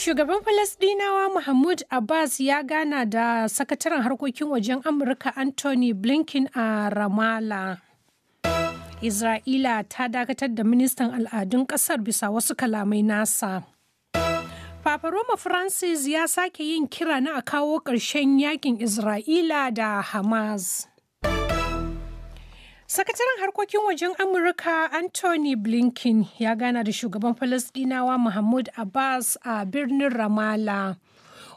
Shugaban Falasdinawa Mahmud Abbas ya gana da sakataren harkokin wajen Amurka Anthony Blinken a Ramallah. Isra'ila ta dakatar da ministan al'adun ƙasar bisa wasu kalamai nasa. Papa Roma Francis ya sake yin kira na a kawo ƙarshen yakin Isra'ila da Hamas. Sakataren harkokin wajen Amurka Anthony Blinken ya gana da shugaban Falasɗinawa Mahmud Abbas a birnin Ramallah.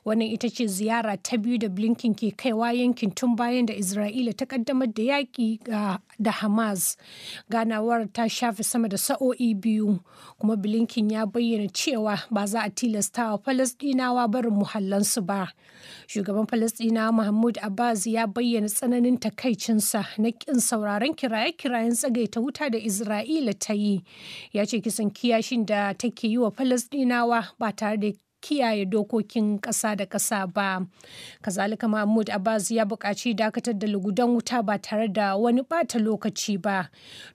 Wannan ita ce ziyara ta biyu da Blinken ke kaiwa yankin tun bayan da Isra'ila ta kaddamar da yaƙi ah, da Hamas. Ganawar ta shafe sama da sa'o'i biyu, kuma Blinken ya bayyana cewa ba za a tilasta wa Falasdinawa barin muhallansu ba. Shugaban Falasdinawa Mahmud Abbas ya bayyana tsananin takaicinsa na ƙin sauraron kiraye-kirayen tsagaita wuta da Isra'ila ta yi. Ya ce kisan kiyashin da take yi wa Falasdinawa ba tare da kiyaye dokokin ƙasa da ƙasa ba. Kazalika Mahmud Abbas ya buƙaci dakatar da lugudan wuta ba tare da wani ɓata lokaci ba.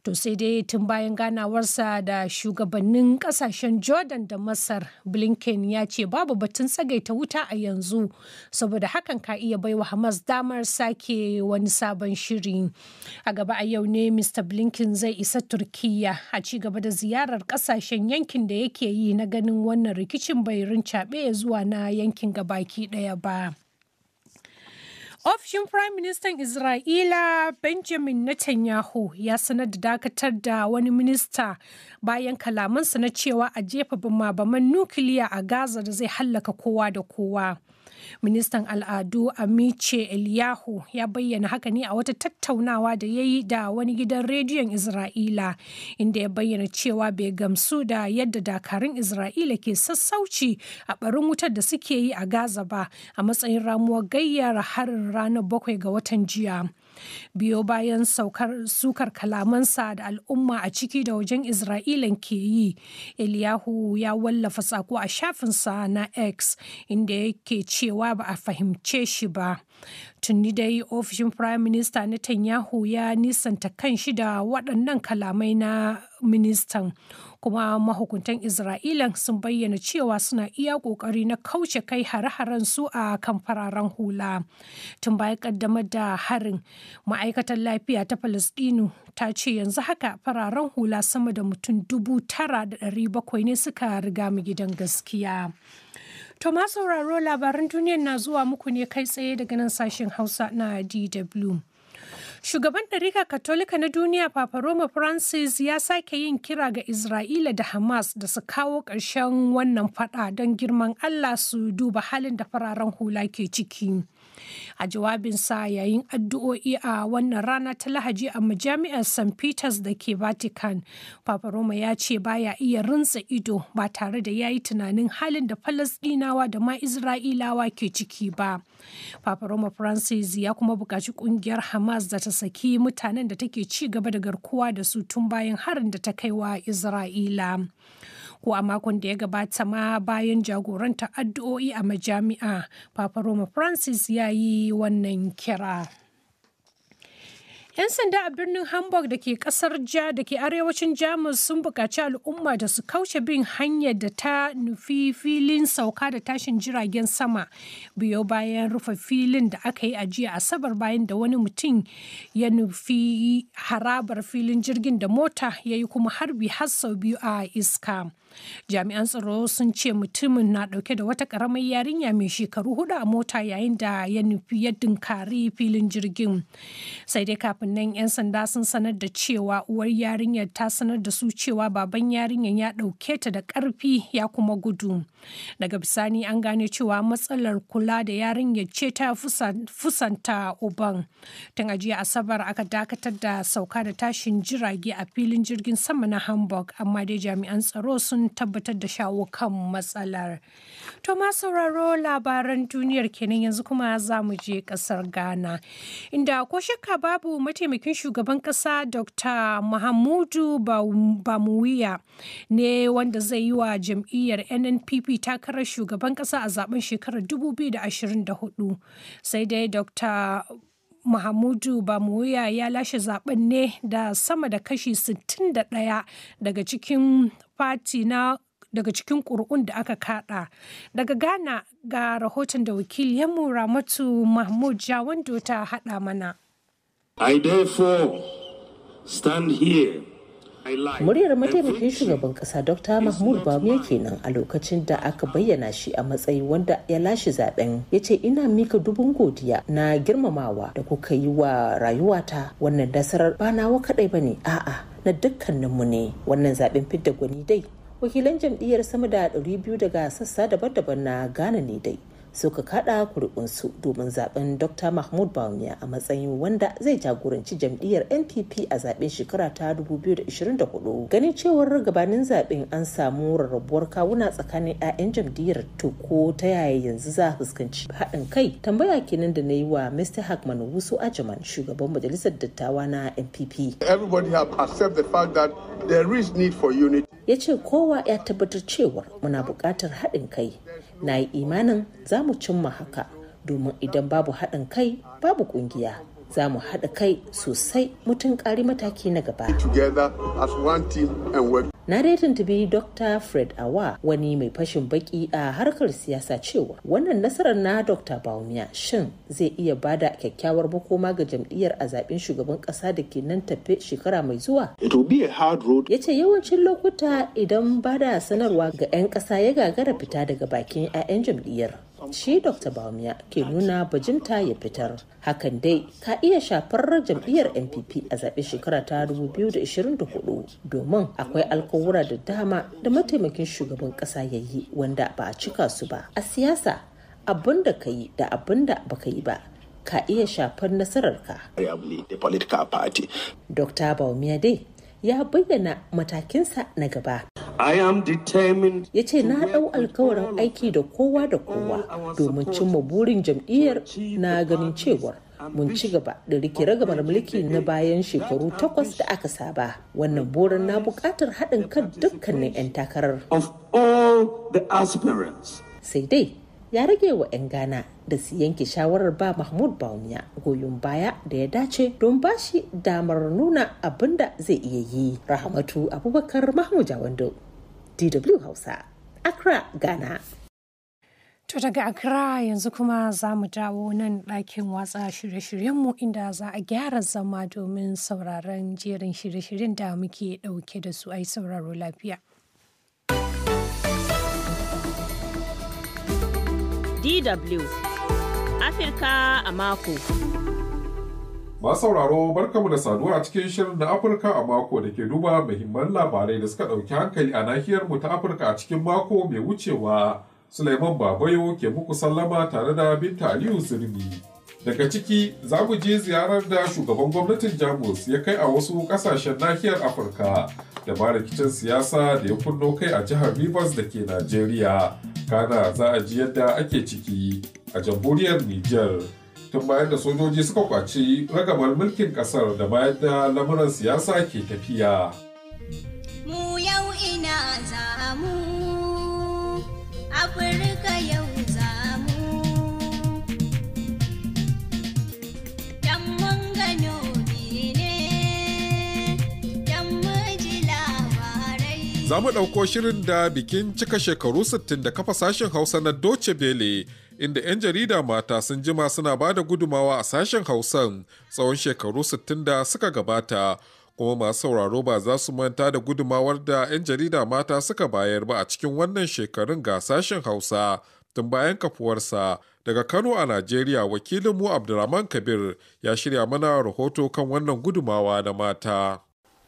To sai dai tun bayan ganawarsa da shugabannin ƙasashen Jordan da Masar, Blinken ya ce babu batun tsagaita wuta a yanzu saboda hakan ka iya baiwa Hamas damar sake wani sabon shiri. A gaba a yau ne Mr. Blinken zai isa Turkiyya a ci gaba da ziyarar ƙasashen yankin da yake yi na ganin wannan rikicin bai rinca shaɓe zuwa na yankin gabaki ɗaya ba. Ofishin Firayim Ministan Isra'ila Benjamin Netanyahu ya sanar da dakatar da wani minista bayan kalamansa na cewa a jefa bama-baman nukiliya a Gaza da zai hallaka kowa da kowa. Ministan al'adu Amice Eliyahu ya bayyana haka ne a wata tattaunawa da ya yi da wani gidan rediyon Isra'ila inda ya bayyana cewa bai gamsu da yadda dakarun Isra'ila ke sassauci a barin wutar da suke yi a Gaza ba a matsayin ramuwar gayyar harin ranar bakwai ga watan jiya. biyo bayan saukar sukar kalamansa da al'umma a ciki da wajen isra'ilan ke yi eliyahu ya wallafa sako a shafinsa na x inda yake cewa ba a fahimce shi ba Tuni dai ofishin Prime Minister Tanyahu ya nisanta kan shi da waɗannan kalamai na ministan. Kuma mahukuntan Isra'ila sun bayyana cewa suna iya ƙoƙari na kauce kai hare-haren su a kan fararen hula. Tun baya ƙaddamar da harin, ma'aikatar lafiya ta Falasɗinu ta ce yanzu haka fararen hula sama da mutum dubu tara da ɗari bakwai ne suka riga mu gidan gaskiya. To ma sauraro labaran duniyar na zuwa muku ne kai tsaye daga nan sashen Hausa na DW. Shugaban ɗarika Katolika na duniya Papa Roma Francis ya sake yin kira ga Isra'ila da Hamas da su kawo ƙarshen wannan fada don girman Allah su duba halin da fararen hula ke ciki. A jawabinsa yayin addu'o'i a wannan rana ta Lahaji a majami'ar St. Peters da ke Vatican, Papa Roma ya ce baya iya rintsa ido ba tare da ya yi tunanin halin da Falasɗinawa da ma Isra'ilawa ke ciki ba. Papa Roma Francis ya kuma buƙaci ƙungiyar Hamas da ta saki mutanen da take ci gaba da garkuwa da su tun bayan harin da ta kai wa Isra'ila. ko a makon da ya gabata ma bayan jagoranta addu'o'i a majami'a papa roma francis ya yi wannan kira 'Yan sanda a birnin Hamburg da ke kasar ja da ke arewacin Jamus sun buƙaci al'umma da su kauce bin hanyar da ta nufi filin sauka da tashin jiragen sama biyo bayan rufe filin da aka yi a jiya asabar bayan da wani mutum ya nufi harabar filin jirgin da mota ya yi kuma harbi har sau biyu a iska. Jami'an tsaro sun ce mutumin na ɗauke da wata karamar yarinya mai shekaru hudu a mota yayin da ya nufi ya dinkari filin jirgin. Sai dai kafin nan 'yan sanda sun sanar da cewa uwar yarinyar ta sanar da su cewa baban yarinyar ya ɗauke ta da karfi ya kuma gudu. Daga bisani an gane cewa matsalar kula da yarinyar ce ta fusanta uban. Tun a Asabar aka dakatar da sauka da tashin jirage a filin jirgin sama na Hamburg amma dai jami'an tsaro sun sun tabbatar da shawo kan matsalar. To ma sauraro labaran duniyar kenan yanzu kuma za mu je kasar Ghana. Inda ko shakka babu mataimakin shugaban kasa Dr. Mahamudu Bamuwiya ne wanda zai yi wa jam'iyyar NNPP takarar shugaban kasa a zaben shekarar 2024. Sai dai Dr. Mahamudu Bamuya ya lashe zaben ne da sama da kashi 61 daga cikin fati na daga cikin ƙuri'un da aka kada daga ghana ga rahoton da ya wakiliyanmu ramatu mahmud wanda ta hada mana muryar mataimakin shugaban kasa dr mahmud yake nan a lokacin da aka bayyana shi a matsayi wanda ya lashe zaben ya ce ina mika dubun godiya na girmamawa da kuka yi wa rayuwata wannan nasarar ba nawa kadai bane a'a na mu ne wannan zaben fidda gwani dai wakilan jam'iyyar sama da 200 daga sassa daban-daban na ghana ne dai suka kada kuri'unsu domin zaben dr mahmud bawumia a matsayin wanda zai jagoranci jam'iyyar npp a zaben shekara ta 2024 ganin cewar gabanin zaben an samu rarrabuwar kawuna tsakanin 'ya'yan jam'iyyar to ko ta yaya yanzu za fuskanci haɗin kai tambaya kenan da na yi wa mr hackman wusu ajaman shugaban majalisar dattawa na npp everybody have accept the fact that there is need for unity yace kowa ya tabbatar cewar muna buƙatar haɗin kai na yi imanin za mu cimma haka domin idan babu haɗin kai babu ƙungiya za mu haɗa kai sosai mutum ƙari mataki na gaba. Na dai tuntubi Dr. Fred Awa wani mai fashin baki a harkar siyasa cewa wannan nasarar na Dr. Baumia shin zai iya bada kyakkyawar makoma ga jam'iyyar a zaɓen shugaban ƙasa da ke nan tafe shekara mai zuwa. Ya ce yawancin lokuta idan bada sanarwa ga 'yan ƙasa ya gagara fita daga bakin 'ya'yan jam'iyyar shi dr Baumia ke nuna bajinta ya fitar hakan dai ka iya shafar jam'iyyar npp a zaɓe shekara ta 2024 domin akwai alkawura da dama da mataimakin shugaban ƙasa ya yi wanda ba a cika su ba a siyasa abin da ka yi da abin da baka yi ba ka iya shafar nasararka. Dr. Baumia dai ya bayyana matakinsa na gaba. Ya ce na ɗau alkawarin aiki da kowa da kowa domin cimma burin jam'iyyar na ganin cewar mun ci gaba da rike ragamar mulki na bayan shekaru takwas da aka saba wannan burin na buƙatar haɗin kan dukkanin 'yan takarar. sai dai ya rage wa 'yan Ghana da su yanke shawarar ba Mahmud Bawumia goyon baya da ya dace don ba shi damar nuna abin da zai iya yi. Rahamatu Abubakar Mahmud Jawando, DW Hausa, Accra, Ghana. To daga Accra yanzu kuma za mu dawo nan ɗakin watsa shirye-shiryenmu inda za a gyara zama domin sauraron jerin shirye-shiryen da muke ɗauke da su ai sauraro lafiya. DW Afirka a mako. Masu sauraro barkamu da saduwa a cikin shirin na Afirka a mako da ke duba muhimman labarai da suka ɗauki hankali a nahiyarmu ta Afirka a cikin mako mai wucewa. Suleiman Babayo ke muku sallama tare da Binta Aliyu Zirmi. Daga ciki za mu je ziyarar da shugaban gwamnatin Jamus ya kai a wasu kasashen nahiyar Afirka da ba rikicin siyasa da ya kunno kai a jihar Rivers da ke Najeriya. Kana za a ji yadda ake ciki a jamhuriyar Nijar. Tun bayan da sojoji suka kwaci ragamar mulkin kasar da bayan da lamuran siyasa ke tafiya. Mu yau ina za mu, Afirka yau. Za mu ɗauko shirin da bikin cika shekaru 60 da kafa sashen Hausa na Doce Bele, inda 'yan jarida mata sun jima suna ba da gudumawa a sashen Hausan tsawon shekaru 60 da suka gabata. kuma masu sauraro ba za su manta da gudumawar da 'yan jarida mata suka bayar ba a cikin wannan shekarun ga sashen hausa tun bayan kafuwarsa daga kano a najeriya wakilinmu abdulrahman kabir ya shirya mana rahoto kan wannan gudumawa na mata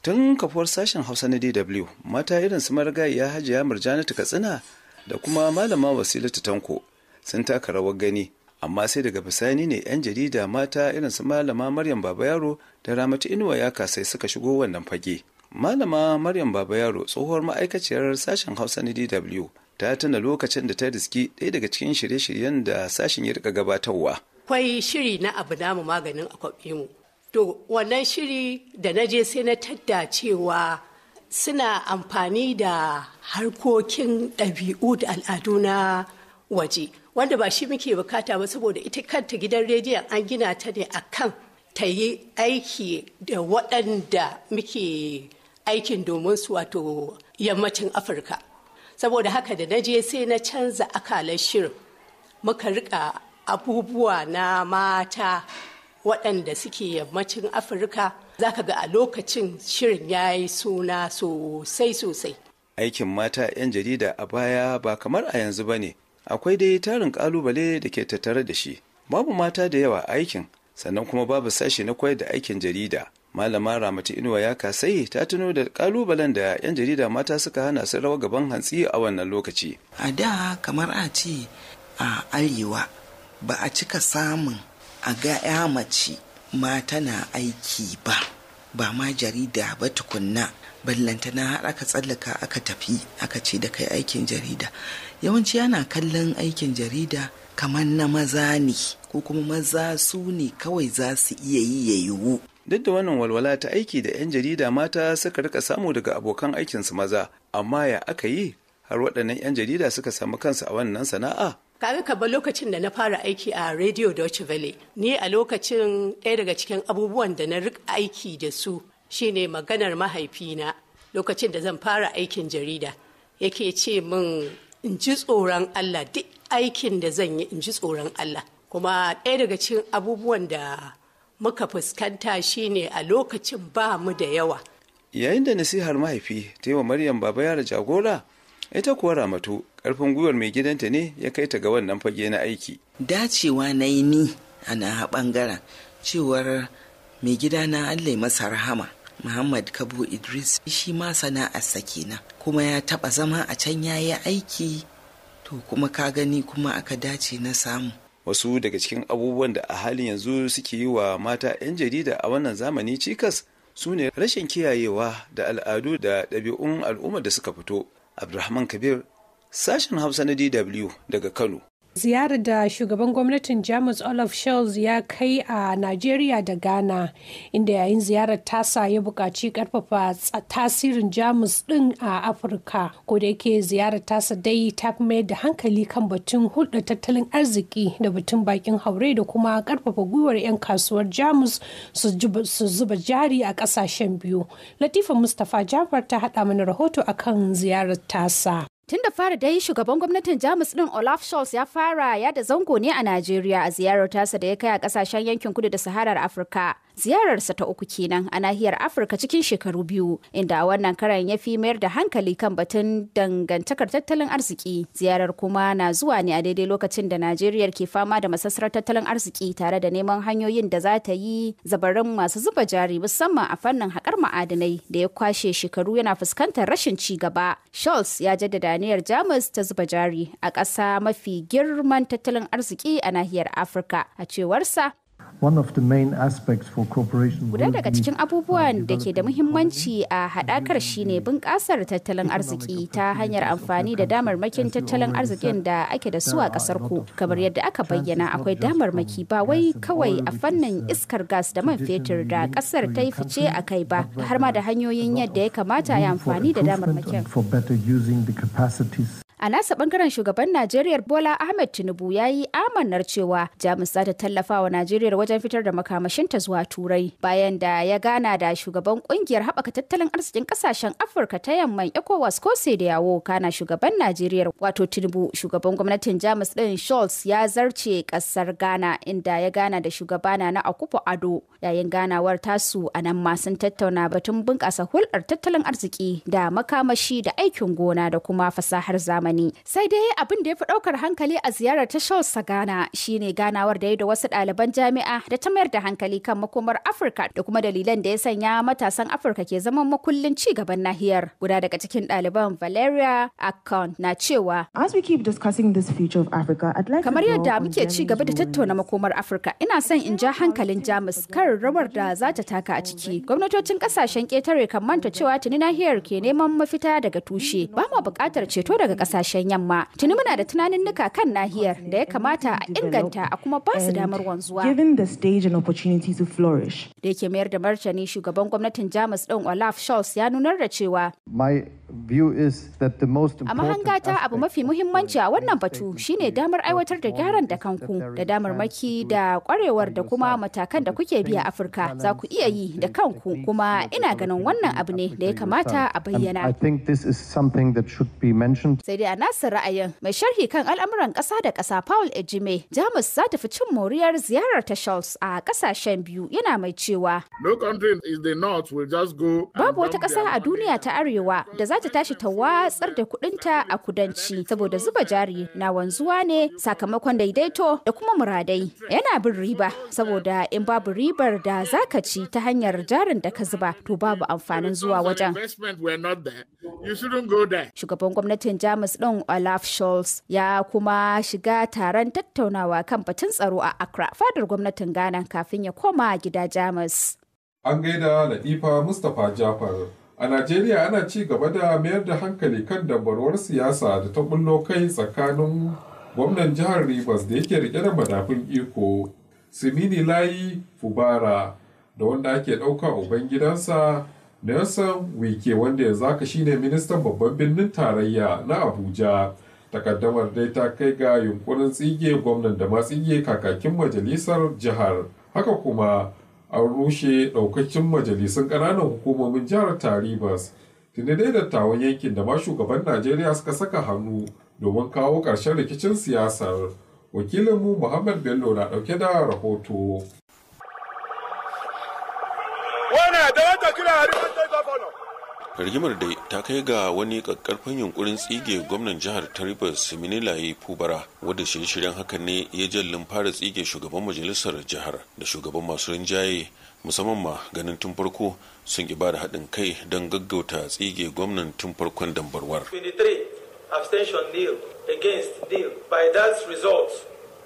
tun kafuwar sashen hausa na dw mata irin su marigayiya hajiya murjanatu katsina da kuma malama wasilatu tanko sun taka rawar gani amma sai daga bisani ne 'yan jarida mata irin su malama maryam baba yaro da ramatu inuwa ya kasai suka shigo wannan fage malama maryam baba yaro tsohuwar ma'aikaciyar sashen hausa na dw ta tuna lokacin da ta riski ɗaya daga cikin shirye-shiryen da sashen ya rika gabatarwa akwai shiri na abu namu maganin akwai mu To wannan shiri da na je sai na tadda cewa suna amfani da harkokin ɗabi'u da al'adu na waje wanda ba shi muke bukata ba saboda ita kanta gidan rediyon an gina ta ne a kan ta yi aiki da waɗanda muke aikin domin su wato yammacin afirka saboda haka da na je sai na canza akalar shirin muka rika abubuwa na mata waɗanda suke yammacin afirka za ka ga a lokacin shirin ya yi suna sosai sosai aikin mata 'yan jarida a baya ba kamar a yanzu ba ne akwai dai tarin kalubale da ke tattare da shi babu mata da yawa aikin sannan kuma babu sashi na kwai da aikin jarida malama ramatu inuwa ya kasai ta tuno da kalubalen da 'yan jarida mata suka hana su rawa gaban hantsi a wannan lokaci a da kamar a ce a arewa ba a cika samun a ga mace ma tana aiki ba ba ma jarida ba tukunna ballantana har aka tsallaka aka tafi aka ce da kai aikin jarida yawanci ana kallon aikin jarida kamar na maza ne ko kuma maza su ne kawai za su iya yi ya yiwu duk da wannan walwala ta aiki da 'yan jarida mata suka rika samu daga abokan aikinsu maza amma ya aka yi har waɗannan 'yan jarida suka samu kansu a wannan sana'a ka ba lokacin da na fara aiki a radio deutsche welle ni a lokacin ɗaya daga cikin abubuwan da na rika aiki da su shine maganar mahaifina lokacin da zan fara aikin jarida yake ce min in ji tsoron allah duk aikin da zan yi in ji tsoron allah kuma ɗaya daga cikin abubuwan da muka fuskanta shine a lokacin ba mu da yawa yayin da nasihar mahaifi ta yi wa maryam baba yara jagora ita kuwa ramatu karfin gwiwar mai gidanta ne ya kai ta ga wannan fage na aiki dacewa na yi ni a na bangaren cewar mai gida na allai masa rahama muhammad kabo idris shi ma sana'arsa kenan kuma ya taba zama a can ya yi aiki to kuma ka gani kuma aka dace na samu wasu daga cikin abubuwan da a halin yanzu suke yi wa mata 'yan jarida a wannan zamani cikas su ne rashin kiyayewa da al'adu da ɗabi'un al'ummar da suka fito Abdulrahman Kabir, sashen Hausa na DW daga Kano. ziyarar da shugaban gwamnatin jamus olaf scholz ya kai a najeriya da ghana inda yayin ziyarar tasa ya buƙaci ƙarfafa tasirin jamus ɗin a afirka ko da yake ziyarar tasa dai ta fi mayar da hankali kan batun hulɗa tattalin arziki da batun bakin haure da kuma ƙarfafa gwiwar 'yan kasuwar jamus su zuba jari a ƙasashen biyu latifa mustapha jafar ta haɗa mana rahoto akan ziyarar tasa Tun da fara dai shugaban gwamnatin Jamus ɗin Olaf Scholz ya fara ya da zango ne a Najeriya a ziyarar tasa da ya kai a ƙasashen yankin kudu da Saharar Afirka. ziyararsa ta uku kenan a nahiyar Afirka cikin shekaru biyu, inda a wannan karan ya fi mayar da hankali kan batun dangantakar tattalin arziki. Ziyarar kuma na zuwa ne a daidai lokacin da Najeriya ke fama da masassarar tattalin arziki tare da neman hanyoyin da za ta yi zabarin masu zuba jari musamman a fannin haƙar ma'adinai da ya kwashe shekaru yana fuskantar rashin ci gaba. Scholz ya jaddada aniyar Jamus ta zuba jari a ƙasa mafi girman tattalin arziki a nahiyar Afirka. A cewarsa, Guda daga cikin abubuwan da ke da muhimmanci a haɗakar shine bunƙasar tattalin arziki ta hanyar amfani da damarmakin tattalin arzikin da ake da su a ƙasar ku. Kamar uh, yadda aka bayyana akwai damarmaki ba wai kawai a fannin uh, iskar gas da man fetur da ƙasar ta yi fice a kai ba, har ma da hanyoyin yadda ya kamata ya amfani da damarmakin. A nasa bangaren shugaban Najeriya Bola Ahmed Tinubu ya yi amannar cewa Jamus za ta tallafa wa Najeriya wajen fitar da makamashinta zuwa Turai bayan da ya gana da shugaban kungiyar haɓaka tattalin arzikin ƙasashen Afirka ta yamman ECOWAS ko yawo kana shugaban Najeriya wato Tinubu shugaban gwamnatin Jamus ɗin Scholz ya zarce ƙasar Ghana inda ya gana da shugabana na Akufo Ado yayin ganawar tasu a nan ma sun tattauna batun bunƙasa hulɗar tattalin arziki da makamashi da aikin gona da kuma fasahar zamani. zamani Sai dai abin da ya fi ɗaukar hankali a ziyarar ta shaw a Ghana shine ganawar da ya da wasu ɗaliban jami'a da ta mayar da hankali kan makomar Afirka da kuma dalilan da ya sanya matasan Afirka ke zaman makullin ci gaban nahiyar. Guda daga cikin ɗaliban Valeria Akon na cewa. Kamar yadda muke ci gaba da tattauna makomar Afirka, ina son in ja hankalin Jamus kan rawar da za ta taka a ciki. Gwamnatocin ƙasashen ƙetare kan manta cewa tuni nahiyar ke neman mafita daga tushe. Ba mu buƙatar ceto daga ƙasa kasashen yamma. Tuni muna da tunanin nuka kan nahiyar da ya kamata a inganta a kuma ba su damar wanzuwa. Da yake mayar da martani shugaban gwamnatin Jamus ɗin Olaf Scholz ya nunar da cewa. A mahangata abu mafi muhimmanci a wannan batu shine damar aiwatar da gyaran da kanku da damarmaki da kwarewar da kuma matakan da kuke biya Afirka za ku iya yi da kanku kuma ina ganin wannan abu ne da ya kamata a bayyana. Sai dai a nasa ra'ayin mai sharhi kan al'amuran kasa da kasa Paul Ejime Jamus za ta fi cin moriyar ziyarar ta Scholz a kasashen biyu yana mai cewa. Babu wata kasa a duniya ta arewa da za za ta tashi ta watsar da kudinta a kudanci saboda zuba jari na wanzuwa ne sakamakon daidaito da kuma muradai yana bin riba saboda in babu ribar da za ci ta hanyar jarin da ka zuba to babu amfanin zuwa wajen shugaban gwamnatin jamus ɗin olaf scholz ya kuma shiga taron tattaunawa kan batun tsaro a accra fadar gwamnatin ghana kafin ya koma gida jamus an gaida latifa mustapha jafar A Najeriya ana ci gaba da mayar da hankali kan dabarwar siyasa da ta bullo kai tsakanin gwamnan jihar Rivers da yake rike da madafin iko, Simini Layi Fubara, da wanda ake ɗauka uban gidansa Nelson Wike wanda ya zaka shine ministan babban birnin tarayya na Abuja. Takaddamar dai ta kai ga yunkurin tsige gwamnan da ma tsige kakakin majalisar jihar. Haka kuma an rushe ɗaukacin majalisun ƙananan hukumomin jihar taribas tunda dai dattawan yankin da ma shugaban najeriya suka saka hannu domin kawo ƙarshen rikicin siyasar wakilinmu muhammad bello na ɗauke da rahoto. Wana da wata kira rigimar da ta kai ga wani kakkarfan yunkurin tsige gwamnan jihar ta ya minilaye fubara wadda shirye-shiryen hakan ne ya jallin fara tsige shugaban majalisar jihar da shugaban masu rinjaye musamman ma ganin tun farko sun ki bada haɗin kai don gaggauta tsige gwamnan tun farkon dambarwar abstention against by that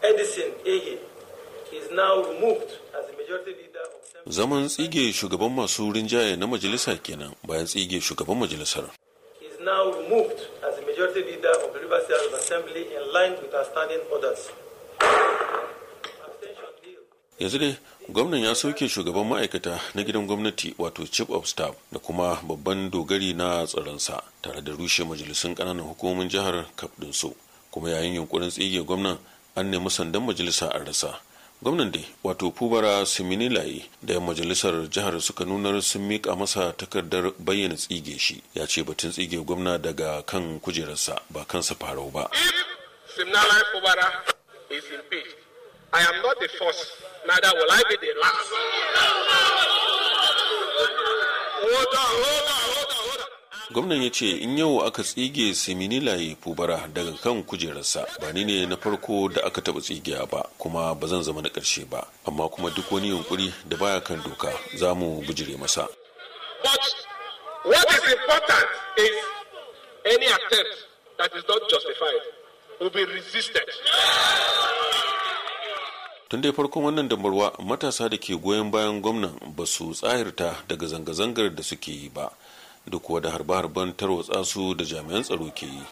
edison is now removed as a majority leader zaman tsige shugaban masu rinjaye na majalisa kenan bayan tsige shugaban majalisar yanzu dai gwamnan ya sauke shugaban ma'aikata na gidan gwamnati wato chief of staff da kuma babban dogari na tsaronsa tare da rushe majalisun kananan hukumomin jihar kaf su kuma yayin yunkurin tsige gwamnan an nemi sandan majalisa a rasa gwamnan dai wato fubara siminilaye da majalisar jihar suka nunar sun miƙa masa takardar bayyana tsige shi ya ce batun tsige gwamna daga kan kujerarsa ba kansa farau ba i gwamnan ya ce in yau aka tsige yi fubara daga kan kujerarsa ba ni ne na farko da aka taba tsigiya ba kuma ba zan zama na ƙarshe ba amma kuma duk wani yunkuri da baya kan doka za mu bujire masa tun dai farkon wannan damarwa matasa da ke goyon bayan gwamnan ba su tsahirta daga zanga-zangar da suke yi ba duk kuwa da harbe-harben tarwatsa su da jami'an tsaro ke yi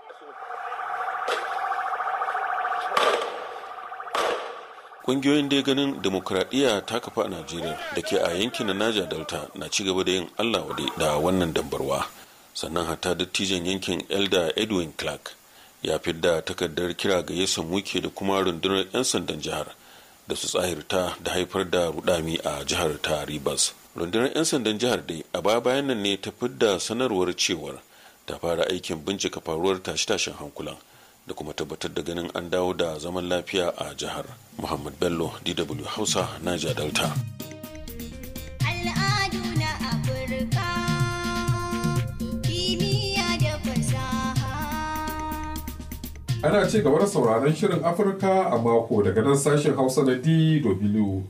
ƙungiyoyin dai ganin demokuraɗiyya ta kafa a najeriya da ke a yankin na naja delta na ci gaba da yin allah wade da wannan dambarwa sannan hata dattijan yankin elder edwin clark ya da takardar kira ga yasa muke da kuma rundunar 'yan sandan jihar da su tsahirta da haifar da rudami a jihar ta rivers rundunar 'yan sandan jihar dai a baya bayan nan ne ta fidda sanarwar cewar ta fara aikin bincika faruwar tashe-tashen hankulan da kuma tabbatar da ganin an dawo da zaman lafiya a jihar muhammad bello dw hausa naija delta ana ce gaba da sauraron shirin afirka a mako daga nan sashen hausa na dw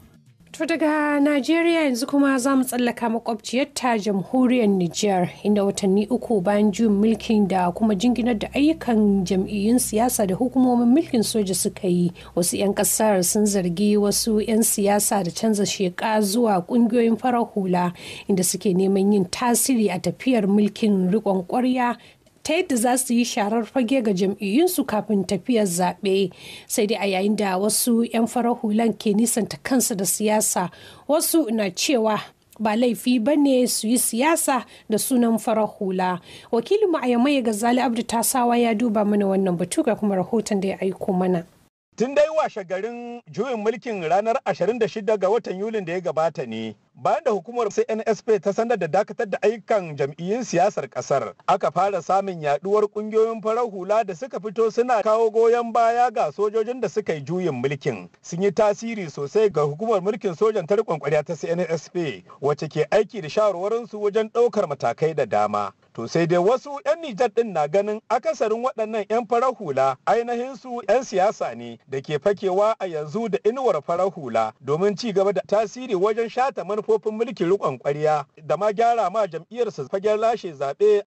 To daga Najeriya yanzu kuma za mu tsallaka makwabciyar ta jamhuriyar Nijar inda watanni uku bayan juyin mulkin da kuma jinginar da ayyukan jam'iyyun siyasa da hukumomin mulkin soja suka yi wasu 'yan kasar sun zargi wasu 'yan siyasa da canza sheka zuwa kungiyoyin farar hula inda suke neman yin tasiri a tafiyar mulkin rikon kwarya ta yadda za su yi sharar fage ga jam'iyyunsu kafin tafiyar zaɓe sai dai a yayin da wasu 'yan farar hulan ke nisanta kansu da siyasa wasu na cewa ba laifi ba ne su yi siyasa da sunan farar hula wakilin wakilinmu a zali zali abdu tasawa ya duba mana wannan batu ga kuma rahoton da ya aiko mana Tun dai washe garin juyin mulkin ranar 26 ga watan Yulin da ya gabata ne, bayan da hukumar CNSP ta sanar da dakatar da ayyukan jam'iyyun siyasar kasar aka fara samun yaduwar kungiyoyin farar hula da suka fito suna kawo goyon baya ga sojojin da suka yi juyin mulkin sun yi tasiri sosai ga hukumar mulkin sojan ta riƙon ta CNSP wacce ke aiki da shawarwarinsu wajen ɗaukar matakai da dama to sai dai wasu 'yan Nijar ɗin na ganin akasarin waɗannan 'yan farar hula ainihin su 'yan siyasa ne da ke fakewa a yanzu da inuwar farar hula domin ci gaba da tasiri wajen shata manufofin mulkin rikon kwarya da ma gyara ma jam'iyyarsa fagen lashe zaɓe